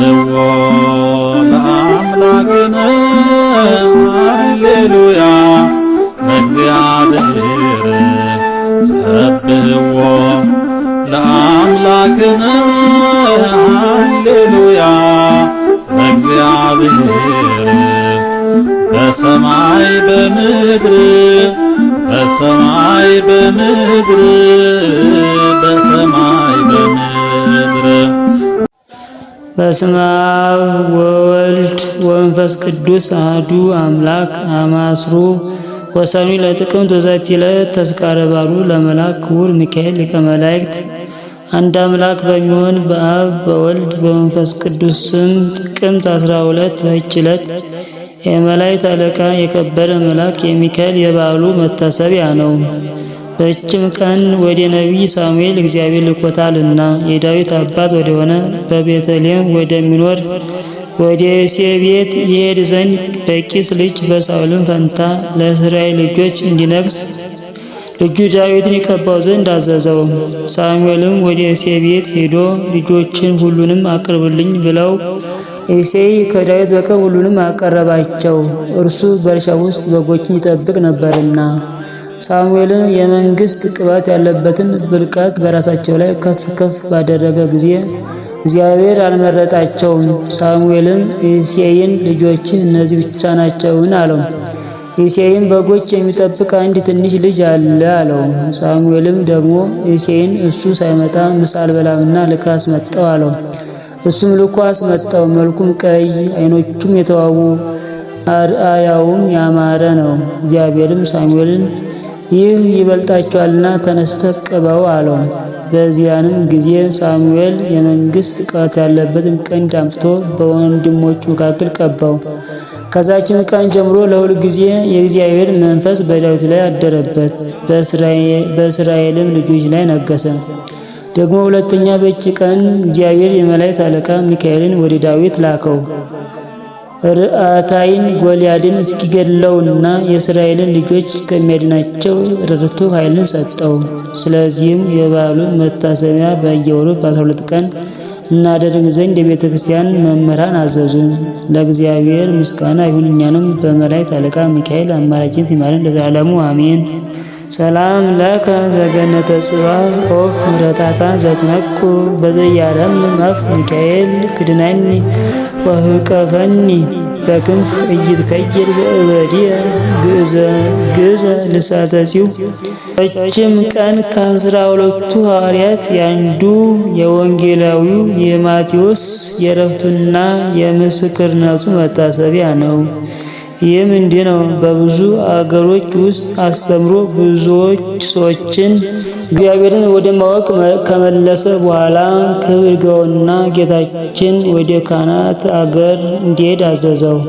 ንሆ ለአምላክን ሃሌሉያ ለእግዚአብሔር ሰብህዎ ለአምላክን ሃሌሉያ ለእግዚአብሔር በሰማይ በምድር በሰማይ በምድር በሰማይ በስመ አብ ወወልድ ወመንፈስ ቅዱስ አህዱ አምላክ አማስሩ ወሰሚ ለጥቅምት በዛቲ ለ ተስካረ ባሉ ለመላክ ክቡር ሚካኤል ሊቀ መላእክት። አንድ አምላክ በሚሆን በአብ በወልድ በመንፈስ ቅዱስ ስም ጥቅምት 12 ሁለት በዚች ዕለት የመላእክት አለቃ የከበረ መልአክ የሚካኤል የበዓሉ መታሰቢያ ነው። በእችም ቀን ወደ ነቢይ ሳሙኤል እግዚአብሔር ልኮታልና የዳዊት አባት ወደሆነ በቤተልሔም ወደሚኖር ወደ እሴ ቤት ይሄድ ዘንድ በቂስ ልጅ በሳኦልም ፈንታ ለእስራኤል ልጆች እንዲነግስ ልጁ ዳዊትን ይቀባው ዘንድ አዘዘው። ሳሙኤልም ወደ እሴ ቤት ሄዶ ልጆችን ሁሉንም አቅርብልኝ ብለው እሴይ ከዳዊት በቀር ሁሉንም አቀረባቸው፣ እርሱ በእርሻ ውስጥ በጎችን ይጠብቅ ነበርና። ሳሙኤልም የመንግስት ቅባት ያለበትን ብልቃት በራሳቸው ላይ ከፍ ከፍ ባደረገ ጊዜ እግዚአብሔር አልመረጣቸውም። ሳሙኤልም ኢሴይን ልጆች እነዚህ ብቻ ናቸውን? አለው። ኢሴይን በጎች የሚጠብቅ አንድ ትንሽ ልጅ አለ አለው። ሳሙኤልም ደግሞ ኢሴይን እሱ ሳይመጣ ምሳል በላምና ልክ አስመጣው አለው። እሱም ልኮ አስመጣው። መልኩም ቀይ፣ አይኖቹም የተዋቡ አርአያውም ያማረ ነው። እግዚአብሔርም ሳሙኤልን ይህ ይበልጣቸዋልና ተነስተ ቅበው አለው። በዚያንም ጊዜ ሳሙኤል የመንግስት ቅባት ያለበትን ቀንድ አምጥቶ በወንድሞቹ መካከል ቀባው። ከዛችን ቀን ጀምሮ ለሁል ጊዜ የእግዚአብሔር መንፈስ በዳዊት ላይ አደረበት፣ በእስራኤልም ልጆች ላይ ነገሰ። ደግሞ ሁለተኛ በእጭ ቀን እግዚአብሔር የመላእክት አለቃ ሚካኤልን ወደ ዳዊት ላከው። ርአታይን ጎልያድን እስኪገድለውና የእስራኤልን ልጆች እስከሚያድናቸው ርቱ ኃይልን ሰጠው። ስለዚህም የበዓሉን መታሰቢያ በየወሩ በ12 ቀን እናደርግ ዘንድ የቤተ ክርስቲያን መምህራን አዘዙ። ለእግዚአብሔር ምስጋና ይሁን፣ እኛንም በመላእክት አለቃ ሚካኤል አማላጅነት ይማረን ለዘላለሙ አሜን። ሰላም ለከ ዘገነተ ጽባህ ኦፍ ምረታታ ዘትነኩ በዘያለም መፍ ሚካኤል ክድነኒ ወህቀፈኒ በክንፍ እይትከይል በእበዲየ ግእዘ ግእዘ ልሳተጺው እችም ቀን ከአስራ ሁለቱ ሐዋርያት ያንዱ የወንጌላዊው የማቴዎስ የእረፍቱና የምስክርነቱ መታሰቢያ ነው። ይህም እንዲህ ነው። በብዙ አገሮች ውስጥ አስተምሮ ብዙዎች ሰዎችን እግዚአብሔርን ወደ ማወቅ ከመለሰ በኋላ ክብር ይግባውና ጌታችን ወደ ካናት አገር እንዲሄድ አዘዘው።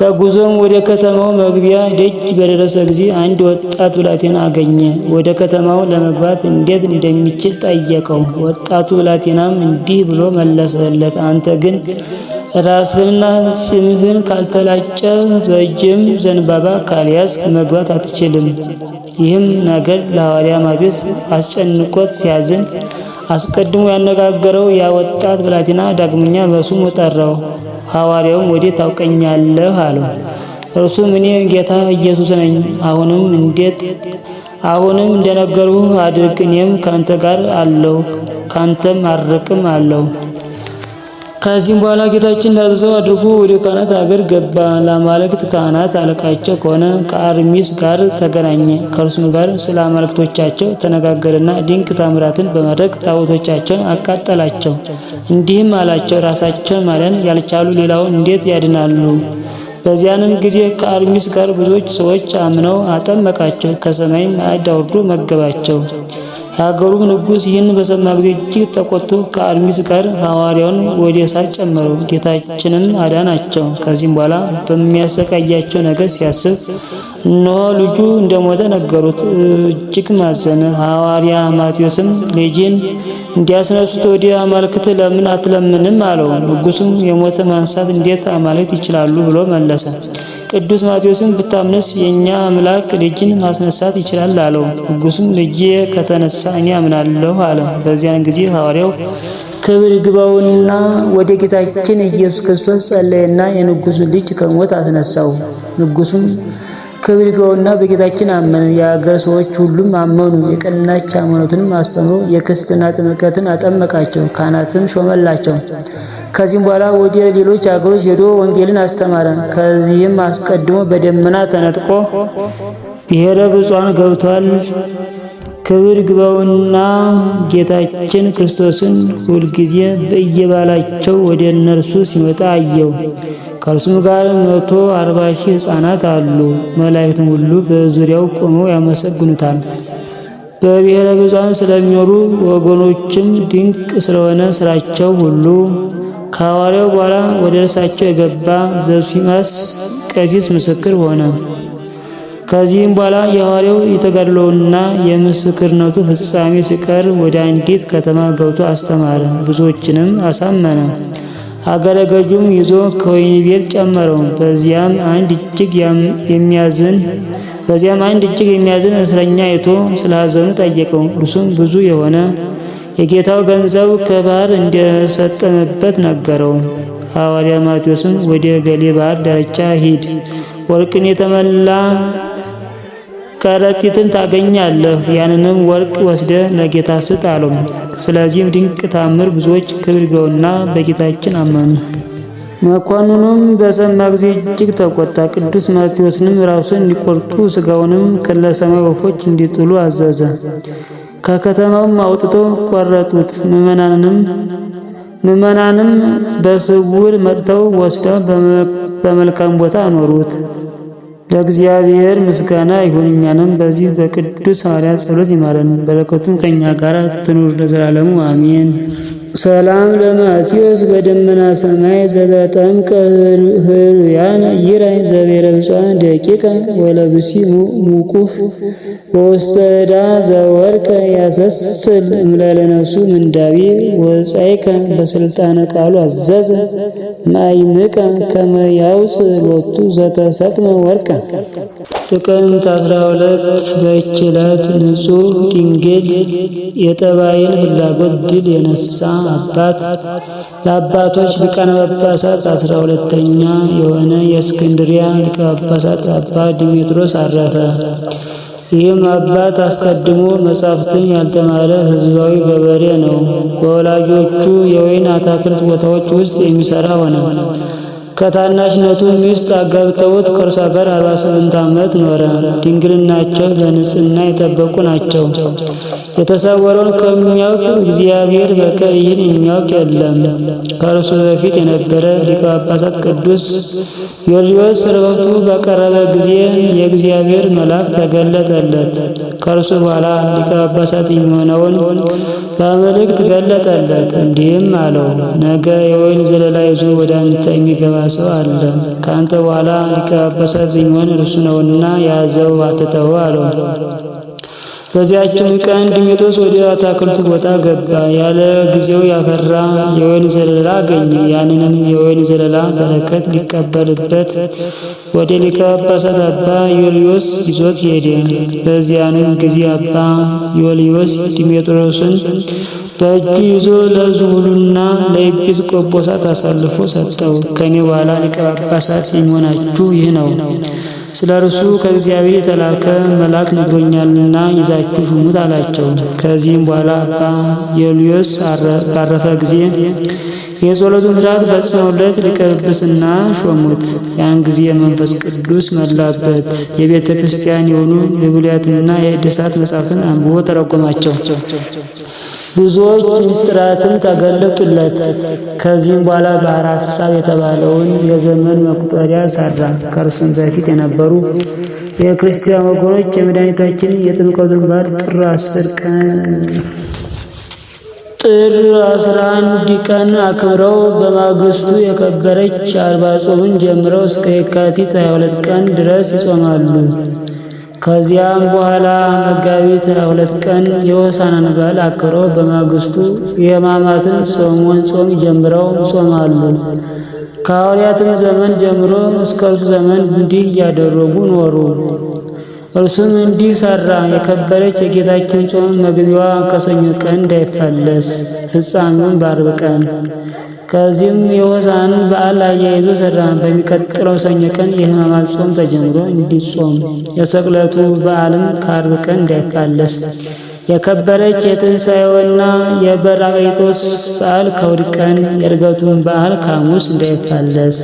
ተጉዞም ወደ ከተማው መግቢያ ደጅ በደረሰ ጊዜ አንድ ወጣት ብላቴና አገኘ። ወደ ከተማው ለመግባት እንዴት እንደሚችል ጠየቀው። ወጣቱ ብላቴናም እንዲህ ብሎ መለሰለት፣ አንተ ግን ራስህና ፂምህን ካልተላጨ በእጅም ዘንባባ ካልያዝክ መግባት አትችልም። ይህም ነገር ለሐዋርያ ማቴዎስ አስጨንቆት ሲያዝን አስቀድሞ ያነጋገረው ያ ወጣት ብላቴና ዳግመኛ በስሙ ጠራው። ሐዋርያውም ወዴት ታውቀኛለህ አለው። እርሱም እኔ ጌታ ኢየሱስ ነኝ። አሁንም እንዴት አሁንም እንደነገሩህ አድርግ፣ እኔም ካንተ ጋር አለው ካንተም አርቅም አለው። ከዚህም በኋላ ጌታችን ላዘዘው አድርጎ ወደ ካህናት አገር ገባ። ለአማልክት ካህናት አለቃቸው ከሆነ ከአርሚስ ጋር ተገናኘ። ከእርሱም ጋር ስለ አማልክቶቻቸው ተነጋገርና ድንቅ ታምራትን በማድረግ ታቦቶቻቸውን አቃጠላቸው። እንዲህም አላቸው፣ ራሳቸውን ማዳን ያልቻሉ ሌላውን እንዴት ያድናሉ? በዚያንም ጊዜ ከአርሚስ ጋር ብዙዎች ሰዎች አምነው አጠመቃቸው። ከሰማይም ማዕድ አውርዶ መገባቸው። ሀገሩም ንጉሥ ይህን በሰማ ጊዜ እጅግ ተቆጥቶ ከአርሚስ ጋር ሐዋርያውን ወደ እሳት ጨመረው። ጌታችንም አዳናቸው። ከዚህም በኋላ በሚያሰቃያቸው ነገር ሲያስብ እነሆ ልጁ እንደሞተ ነገሩት። እጅግ ማዘነ። ሐዋርያ ማቴዎስም ልጄን እንዲያስነሱት ወደ አማልክት ለምን አትለምንም አለው። ንጉሱም የሞተ ማንሳት እንዴት አማልክት ይችላሉ ብሎ መለሰ። ቅዱስ ማቴዎስም ብታምንስ የእኛ አምላክ ልጅን ማስነሳት ይችላል አለው። ንጉሱም ልጄ ከተነሳ ጌታን እኔ አምናለሁ አለ። በዚያን ጊዜ ሐዋርያው ክብር ግባውና ወደ ጌታችን ኢየሱስ ክርስቶስ ጸለየና የንጉሱ ልጅ ከሞት አስነሳው። ንጉሱም ክብር ግባውና በጌታችን አመነ። የአገር ሰዎች ሁሉም አመኑ። የቀናች ሃይማኖትንም አስተምሮ የክርስትና ጥምቀትን አጠመቃቸው፣ ካህናትም ሾመላቸው። ከዚህም በኋላ ወደ ሌሎች አገሮች ሄዶ ወንጌልን አስተማረ። ከዚህም አስቀድሞ በደመና ተነጥቆ ብሔረ ብፁዓን ገብቷል። ክብር ግባውና ጌታችን ክርስቶስን ሁልጊዜ በየባላቸው ወደ እነርሱ ሲመጣ አየው። ከእርሱም ጋር መቶ አርባ ሺህ ሕፃናት አሉ። መላእክትም ሁሉ በዙሪያው ቆመው ያመሰግኑታል። በብሔረ ብዙኃን ስለሚኖሩ ወገኖችም ድንቅ ስለሆነ ስራቸው ሁሉ ከሐዋርያው በኋላ ወደ እርሳቸው የገባ ዘብሲማስ ቀሲስ ምስክር ሆነ። ከዚህም በኋላ የሐዋርያው የተጋድሎውና የምስክርነቱ ፍጻሜ ሲቀርብ ወደ አንዲት ከተማ ገብቶ አስተማረ፣ ብዙዎችንም አሳመነ። አገረ ገዡም ይዞ ከወህኒ ቤት ጨመረው። በዚያም አንድ እጅግ የሚያዝን በዚያም አንድ እጅግ የሚያዝን እስረኛ አይቶ ስለ ጠየቀው። እርሱም ብዙ የሆነ የጌታው ገንዘብ ከባህር እንደሰጠመበት ነገረው። ሐዋርያ ማቴዎስም ወደ ገሌ ባህር ዳርቻ ሂድ፣ ወርቅን የተመላ ከረጢትን ታገኛለህ፣ ያንንም ወርቅ ወስደ ለጌታ ስጥ አለው። ስለዚህም ድንቅ ታምር ብዙዎች ክብር ይግባውና በጌታችን አመኑ። መኳንኑም በሰማ ጊዜ እጅግ ተቆጣ። ቅዱስ ማቴዎስንም ራሱን እንዲቆርጡ ስጋውንም ከለሰማይ ወፎች እንዲጥሉ አዘዘ። ከከተማውም አውጥተው ቆረጡት። ምዕመናንም ምዕመናንም በስውር መጥተው ወስደው በመልካም ቦታ አኖሩት። ለእግዚአብሔር ምስጋና ይሁን እኛንም በዚህ በቅዱስ ሐዋርያት ጸሎት ይማረን፣ በረከቱም ከእኛ ጋር ትኑር ለዘላለሙ አሜን። ሰላም ለማቴዎስ በደመና ሰማይ ዘተጠምቀ ህሩያን ይራይ ዘቤረ ብፁዓን ደቂቀ ወለብሲ ሙቁፍ ወስተዳ ዘወርቀ ያሰስል እምላለነሱ ምንዳቢ ወፀይከ በስልጣነ ቃሉ አዘዘ ማይምቀ ከመ ያውፅ ሎቱ ዘተሰጥመ ወርቀ ጥቅምት 12 ሁለት በይህች ዕለት ንጹሕ ድንግል የጠባይን ፍላጎት ድል የነሳ አባት ለአባቶች ሊቃነ ጳጳሳት አስራ ሁለተኛ የሆነ የእስክንድሪያ ሊቀ ጳጳሳት አባ ዲሜጥሮስ አረፈ። ይህም አባት አስቀድሞ መጻሕፍትን ያልተማረ ሕዝባዊ ገበሬ ነው። በወላጆቹ የወይን አትክልት ቦታዎች ውስጥ የሚሠራ ሆነ። ከታናሽነቱ ሚስት አጋብተውት ከእርሷ ጋር 48 ዓመት ኖረ። ድንግልናቸው በንጽህና የጠበቁ ናቸው። የተሰወረውን ከሚያውቅ እግዚአብሔር በቀር ይህን የሚያውቅ የለም። ከእርሱ በፊት የነበረ ሊቀ ጳጳሳት ቅዱስ ዮርዮስ ስርወቱ በቀረበ ጊዜ የእግዚአብሔር መልአክ ተገለጠለት። ከእርሱ በኋላ ሊቀ ጳጳሳት የሚሆነውን በመልእክት ገለጠለት። እንዲህም አለው፣ ነገ የወይን ዘለላ ይዞ ወደ አንተ የሚገባ ሰው አለ። ከአንተ በኋላ ሊቀ ጳጳሳት የሚሆን እርሱ ነውና ያዘው አትተው አለው። በዚያችም ቀን ዲሜጥሮስ ወደ አታክልቱ ቦታ ገባ። ያለ ጊዜው ያፈራ የወይን ዘለላ አገኘ። ያንንም የወይን ዘለላ በረከት ሊቀበልበት ወደ ሊቀ ጳጳሳት አባ ዮልዮስ ይዞት ሄደ። በዚያንም ጊዜ አባ ዮልዮስ ዲሜጥሮስን በእጁ ይዞ ለዝሁሉና ቆቦሳት አሳልፎ ሰጠው። ከኔ በኋላ ሊቀ ጳጳሳት የሚሆናችሁ ይህ ነው ስለ እርሱ ከእግዚአብሔር የተላከ መልአክ ነግሮኛልና ይዛችሁ ሹሙት አላቸው። ከዚህም በኋላ አባ የሉዮስ ባረፈ ጊዜ የጸሎቱን ስርዓት ፈጽመውለት ሊቀ ጵጵስና ሾሙት። ያን ጊዜ መንፈስ ቅዱስ መላበት። የቤተ ክርስቲያን የሆኑ የብሉያትና የሐዲሳት መጻሕፍትን አንብቦ ተረጎማቸው። ብዙዎች ምስጢራትም ተገለጡለት። ከዚህም በኋላ ባህረ ሐሳብ የተባለውን የዘመን መቁጠሪያ ሰራ። ከእርሱም በፊት የነበሩ የክርስቲያን ወገኖች የመድኃኒታችን የጥምቀቱን በዓል ጥር አስር ቀን ጥር አስራ አንድ ቀን አክብረው በማግስቱ የከበረች አርባ ጾምን ጀምረው እስከ የካቲት 22 ቀን ድረስ ይጾማሉ። ከዚያም በኋላ መጋቢት ሁለት ቀን የሆሳዕናን በዓል አክብረው በማግስቱ የሕማማትን ሰሞን ጾም ጀምረው ጾማሉ። ከሐዋርያትም ዘመን ጀምሮ እስከ እርሱ ዘመን እንዲህ እያደረጉ ኖሩ። እርሱም እንዲህ ሠራ። የከበረች የጌታችን ጾም መግቢያዋ ከሰኞ ቀን እንዳይፈለስ ፍጻሜውን በአርብ ቀን ከዚህም የሆሳዕናን በዓል አያይዞ ሰራ በሚቀጥለው ሰኞ ቀን የሕማማት ጾም ተጀምሮ እንዲጾም የሰቅለቱ በዓልም ከአርብ ቀን እንዳይፋለስ የከበረች የትንሣኤውና የበራቅሊጦስ በዓል ከውድ ቀን የእርገቱን በዓል ካሙስ እንዳይፋለስ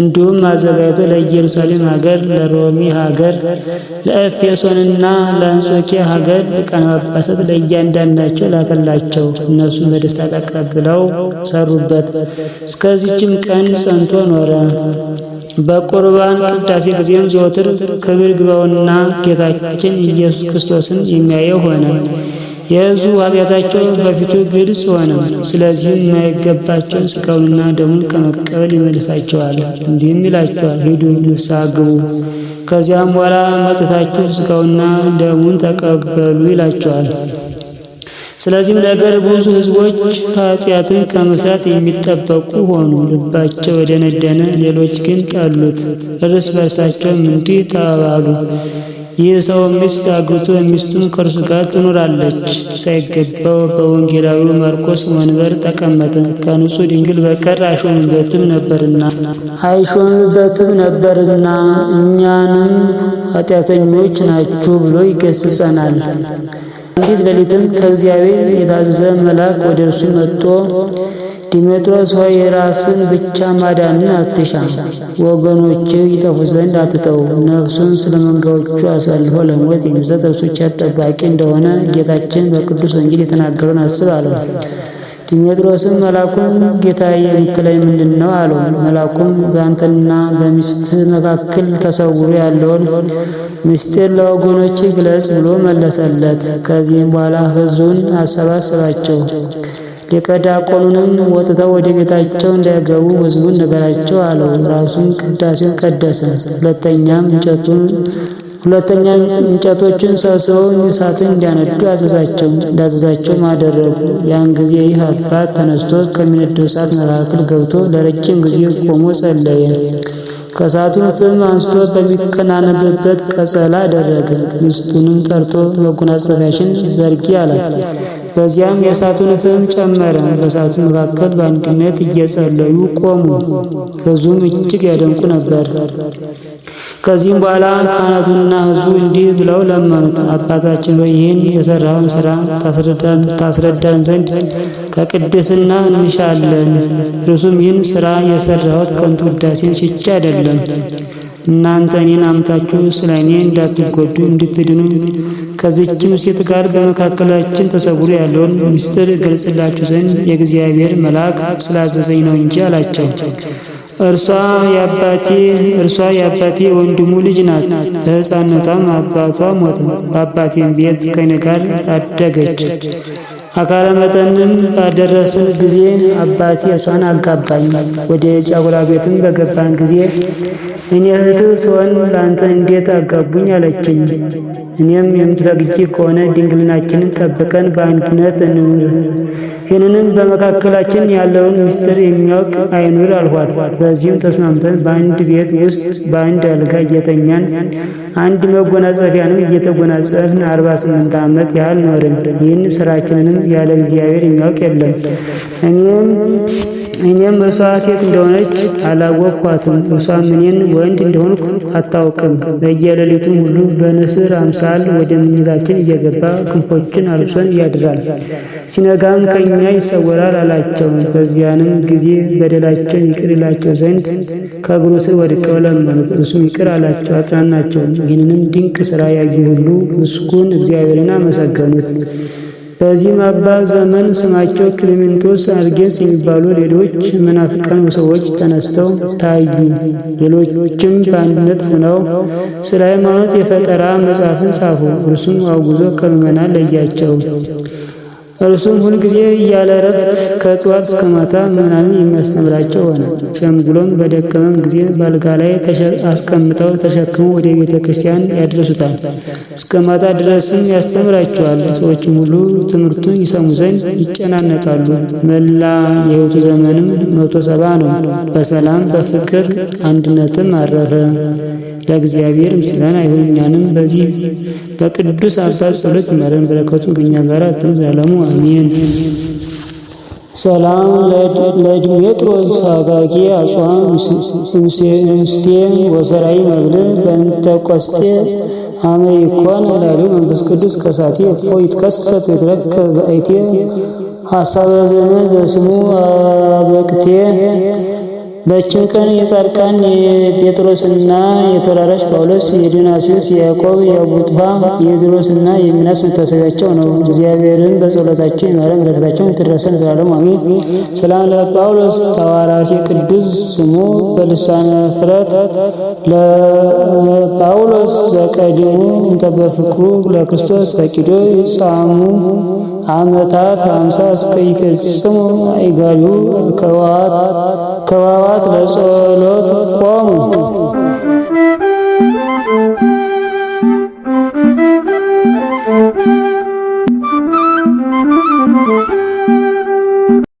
እንዲሁም አዘጋጅቶ ለኢየሩሳሌም ሀገር፣ ለሮሚ ሀገር፣ ለኤፌሶንና ለአንጾኪያ ሀገር ቀን ጳጳሳት ለእያንዳንዳቸው ላከላቸው። እነሱም በደስታ ተቀብለው ሰሩበት። እስከዚችም ቀን ጸንቶ ኖረ። በቁርባን ቅዳሴ ጊዜም ዘወትር ክብር ግባውና ጌታችን ኢየሱስ ክርስቶስን የሚያየው ሆነ። የሕዝቡ ኃጢአታቸው በፊቱ ግልጽ ሆነ። ስለዚህም የማይገባቸውን ስጋውንና ደሙን ከመቀበል ይመልሳቸዋል፣ እንዲህም ይላቸዋል፣ ሂዱ ንስሐ ግቡ፣ ከዚያም በኋላ መጥታችሁ ስጋውና ደሙን ተቀበሉ ይላቸዋል። ስለዚህም ነገር ብዙ ሕዝቦች ኃጢአትን ከመስራት የሚጠበቁ ሆኑ። ልባቸው የደነደነ ሌሎች ግን ጠሉት፣ እርስ በርሳቸውም እንዲህ ተባባሉ። ይህ ሰው ሚስት አግብቶ ሚስቱም ከእርሱ ጋር ትኖራለች፣ ሳይገባው በወንጌላዊው ማርቆስ ወንበር ተቀመጠ። ከንጹሕ ድንግል በቀር አይሾምበትም ነበርና አይሾምበትም ነበርና እኛንም ኃጢአተኞች ናችሁ ብሎ ይገስጸናል። አንዲት ሌሊትም ከእግዚአብሔር የታዘዘ መልአክ ወደ እርሱ መጥቶ ዲሜጥሮስ ሆይ የራስን ብቻ ማዳንን አትሻ፣ ወገኖች ይጠፉ ዘንድ አትተው። ነፍሱን ስለ መንጋዎቹ አሳልፎ ለሞት የሚሰጥ እርሱ ቸር ጠባቂ እንደሆነ ጌታችን በቅዱስ ወንጌል የተናገረውን አስብ አለው። ድሜጥሮስም መላኩን ጌታ የምትለኝ ምንድን ነው አለው። መላኩም በአንተና በሚስት መካከል ተሰውሮ ያለውን ምስጢር ለወገኖች ግለጽ ብሎ መለሰለት። ከዚህም በኋላ ሕዝቡን አሰባሰባቸው። ሊቀ ዲያቆኑንም ወጥተው ወደ ቤታቸው እንዳይገቡ ሕዝቡን ነገራቸው አለው። ራሱም ቅዳሴውን ቀደሰ። ሁለተኛም እንጨቱን ሁለተኛ እንጨቶችን ሰብስበው እሳትን እንዲያነዱ አዘዛቸው እንዳዘዛቸውም አደረጉ። ያን ጊዜ ይህ አባት ተነስቶ ከሚነደው እሳት መካከል ገብቶ ለረጅም ጊዜ ቆሞ ጸለየ። ከእሳቱን ፍም አንስቶ በሚከናነብበት ቀጸላ አደረገ። ሚስቱንም ጠርቶ መጎናጸፊያሽን ዘርጊ አላት። በዚያም የእሳቱን ፍም ጨመረ። በእሳቱ መካከል በአንድነት እየጸለዩ ቆሙ። ህዝቡም እጅግ ያደንቁ ነበር። ከዚህም በኋላ ካህናቱና ሕዝቡ እንዲህ ብለው ለመኑት፣ አባታችን ሆይ ይህን የሰራውን ስራ ታስረዳን ዘንድ ከቅድስና እንሻለን። እርሱም ይህን ስራ የሰራሁት ከንቱ ውዳሴን ሽቼ አይደለም፣ እናንተ እኔን አምታችሁ ስለ እኔ እንዳትጎዱ እንድትድኑ ከዚችም ሴት ጋር በመካከላችን ተሰውሮ ያለውን ምስጢር ገልጽላችሁ ዘንድ የእግዚአብሔር መልአክ ስላዘዘኝ ነው እንጂ አላቸው። እርሷ የአባቴ እርሷ የአባቴ ወንድሙ ልጅ ናት። በሕፃንነቷም አባቷ ሞተ፣ በአባቴም ቤት ከኔ ጋር አደገች። አካለ መጠንም ባደረስን ጊዜ አባቴ እሷን አጋባኝ። ወደ ጫጉላ ቤትም በገባን ጊዜ እኔ እህት ስሆን ለአንተ እንዴት አጋቡኝ አለችኝ። እኔም የምትፈቅጂ ከሆነ ድንግልናችንን ጠብቀን በአንድነት እንኑር፣ ይህንንም በመካከላችን ያለውን ምስጢር የሚያውቅ አይኑር አልኋት። በዚህም ተስማምተን በአንድ ቤት ውስጥ በአንድ አልጋ እየተኛን አንድ መጎናጸፊያንም እየተጎናጸፍን አርባ ስምንት ዓመት ያህል ኖርን። ይህን ስራችንንም ያለ እግዚአብሔር የሚያውቅ የለም። እኔም እኔም እርሷት የት እንደሆነች አላወቅኳትም። እርሷም እኔን ወንድ እንደሆንኩ አታውቅም። በየሌሊቱም ሁሉ በንስር አምሳል ወደ ምኝታችን እየገባ ክንፎችን አልብሶን ያድራል። ሲነጋም ከእኛ ይሰወራል አላቸው። በዚያንም ጊዜ በደላቸው ይቅር ይላቸው ዘንድ ከእግሩ ስር ወድቀው ለመኑት። እርሱም ይቅር አላቸው፣ አጽናናቸው። ይህንንም ድንቅ ስራ ያዩ ሁሉ ምስጉን እግዚአብሔርን አመሰገኑት። በዚህ አባ ዘመን ስማቸው ክሊሜንቶስ አርጌስ የሚባሉ ሌሎች መናፍቃን ሰዎች ተነስተው ታዩ። ሌሎችም በአንድነት ሆነው ስለ ሃይማኖት የፈጠራ መጽሐፍን ጻፉ። እርሱም አውግዞ ከምዕመናን ለያቸው። እርሱም ሁልጊዜ እያለ እረፍት ከጠዋት እስከ ማታ ምናምን የሚያስተምራቸው ሆነ። ሸምግሎም በደከመም ጊዜ በአልጋ ላይ አስቀምጠው ተሸክሞ ወደ ቤተ ክርስቲያን ያደርሱታል። እስከ ማታ ድረስም ያስተምራቸዋል። ሰዎችም ሁሉ ትምህርቱን ይሰሙ ዘንድ ይጨናነቃሉ። መላ የህይወቱ ዘመንም መቶ ሰባ ነው። በሰላም በፍቅር አንድነትም አረፈ። ለእግዚአብሔር ምስጋና ይሁን እኛንም በዚህ በቅዱስ አብሳት ጸሎት ይማረን። በረከቱ ከእኛ ጋር ትኑር ለዓለሙ አሜን። ሰላም ለድሜጥሮስ አጋጌ አጽዋም ምስቴ ወሰራዊ መብል በእንተ ቆስጤ አመ ይኮን ላሉ መንፈስ ቅዱስ ከሳቴ እፎ ይትከሰት ይትረከብ በአይቴ ሀሳበ ዘመን ዘስሙ አበቅቴ በእችን ቀን የጻድቃን የጴጥሮስና የተራራሽ ጳውሎስ፣ የዲዮናስዮስ፣ የያዕቆብ፣ የቡጥፋ፣ የድሮስና የሚናስ መታሰቢያቸው ነው። እግዚአብሔርን በጸሎታቸው ይማረ መለከታቸው ትድረሰን ዘላለም አሜን። ሰላም ለጳውሎስ ሐዋራሴ ቅዱስ ስሙ በልሳነ ፍረት ለጳውሎስ ዘቀዲሙ እንተበፍክሩ ለክርስቶስ ፈቂዶ ይጻሙ አመታት አምሳ እስከ ይፈጽሙ አይጋዩ ከዋት አከባባት ለጸሎት ቆሙ።